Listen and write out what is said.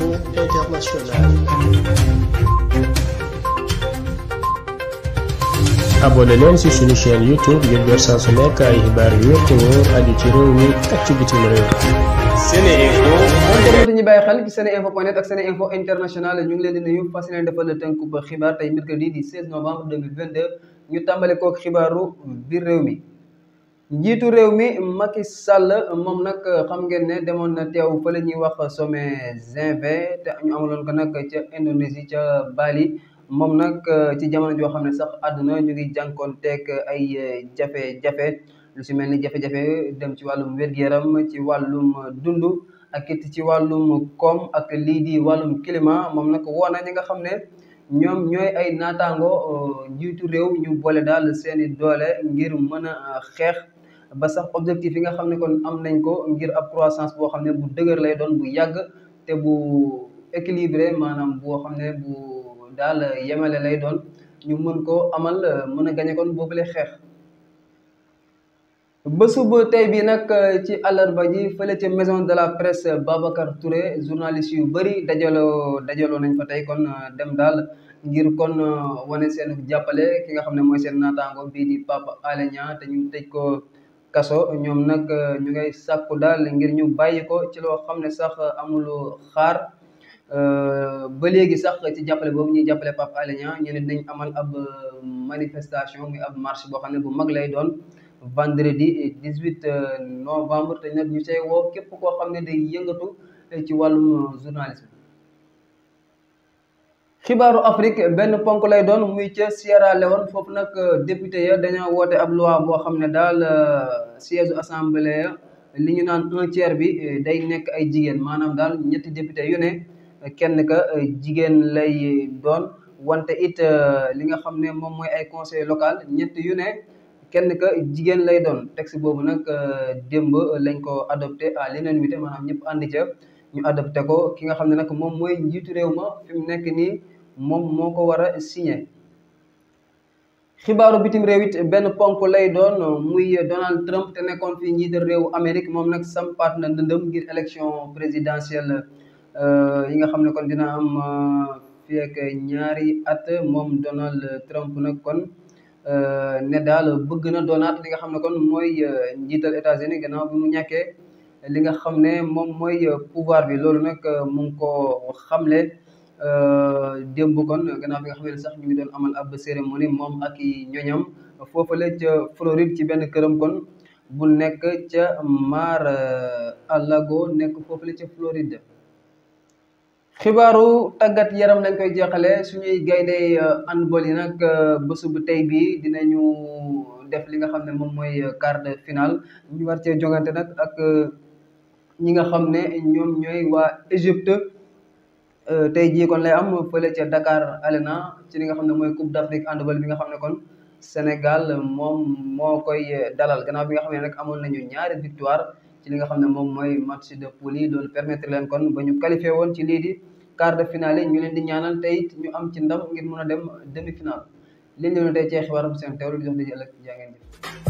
Relations internationales. abonné leen ci suñu chaîne YouTube ngir jot saa su nekk ay yu wér te ci réew mi ak ci bitim réew. SeneInfo. kon ñu bàyyi xel ci seneinfo.net ak seneinfo international ñu ngi leen di nuyu fas yéene defal tënku ba xibaar tey mercredi di 16 novembre 2022 ñu tàmbale kook xibaaru biir réew mi. njiitu réew mi Macky Sall moom nag xam ngeen ne demoon na teew fa la ñuy wax sommet G20 te ñu amaloon ko nag ca Indonésie ca Bali moom nag ci jamono joo xam ne sax àdduna ñu ngi jànkoon tek ay jafe-jafe lu si mel ni jafe-jafe dem ci wàllum wér-gu-yaram ci wàllum dund ak it ci wàllum koom ak lii di wàllum climat moom nag woo na ñi nga xam ne ñoom ñooy ay naataango njiitu réew ñu boole daal seeni doole ngir mën a xeex ba sax objectif yi nga xam ne kon am nañ ko ngir ab croissance boo xam ne bu dëggër lay doon bu yàgg te bu équilibré maanaam boo xam ne bu daal yemale lay doon ñu mën ko amal mën a gañe kon boobule xeex. ba suba tey bi nag ci àllarba ji fële ca maison de la presse Babacar Touré journaliste yu bari dajaloo dajaloo nañ fa tey kon dem daal ngir kon wane seen jàppale ki nga xam ne mooy seen naataango bii di Pape Alé te ñu tëj ko. kaso ñoom nag euh, ñu ngay sàkku daal ngir ñu bàyyi ko ci loo xam ne sax amuloo xaar euh, ba léegi sax ci jàppale boobu ñuy jàppale Pape Alé Niang ñu ne dañ amal ab euh, manifestation muy ab marche boo xam ne bu mag lay doon vendredi 18 novembre te nag ñu say woo képp koo xam ne day yëngatu ci wàllum journalisme xibaaru Afrique benn ponk lay doon muy ca Sierra Leone foofu nag euh, député ya dañoo woote ab loi boo xam ne daal euh, siège assemblée ya li ñu naan un tiers bi euh, day nekk ay jigéen maanaam daal ñetti député yu ne kenn ka jigéen lay doon wante it li nga xam ne moom mooy ay conseil local ñett yu ne kenn ka jigéen lay doon texte boobu nag démb lañ ko adopté à l'unanimité maanaam ñëpp ànd ca ñu adopté ko ki nga xam ne nag moom mooy njiitu réew ma fi nekk nii moom moo ko war a signé. xibaaru bitim réew it benn ponk lay doon muy Donald Trump te nekkoon fi njiit réew Amérique moom nag sampaat na ndëndëm ngir élection euh, yi nga xam ne kon dina am euh, fii ak ñaari at moom Donald Trump nag kon euh, ne daal bëgg na doonaat li nga xam ne kon mooy njiital États-Unis gannaaw bi mu li nga xam ne moom mooy pouvoir bi loolu nag mu ngi ko xamle. Euh, démb kon gannaaw bi nga xam ne sax ñu doon amal ab cérémonie moom ak i ñoñam foofale ca Floride ci benn këram kon bu nekk ca Mar-a-Lago nekk foofale ca Floride. xibaaru tàggat yaram lañ koy jeexale suñuy gaynde euh, handball yi nag euh, bés bu tey bii ñu def li nga xam ne moom mooy quart final finale ñu war cee jongante nag ak ñi nga xam ne ñoom ñooy waa Égypte. Euh, tey jii kon lay am fële ca Dakar Arena ci li nga xam ne mooy Coupe d'Afrique handball bi nga xam ne kon Sénégal moom moo koy euh, dalal gannaaw bi nga xam ne nag amoon nañu ñaari victoire ci li nga xam ne moom mooy match de poule yi loolu permettre leen kon ba ñu qualifié woon ci lii di quart de finale ñu leen di ñaanal tey ñu am ci ndam ngir mën a dem demi finale li ñu doon tey ci xibaaram seen teewlu di jox di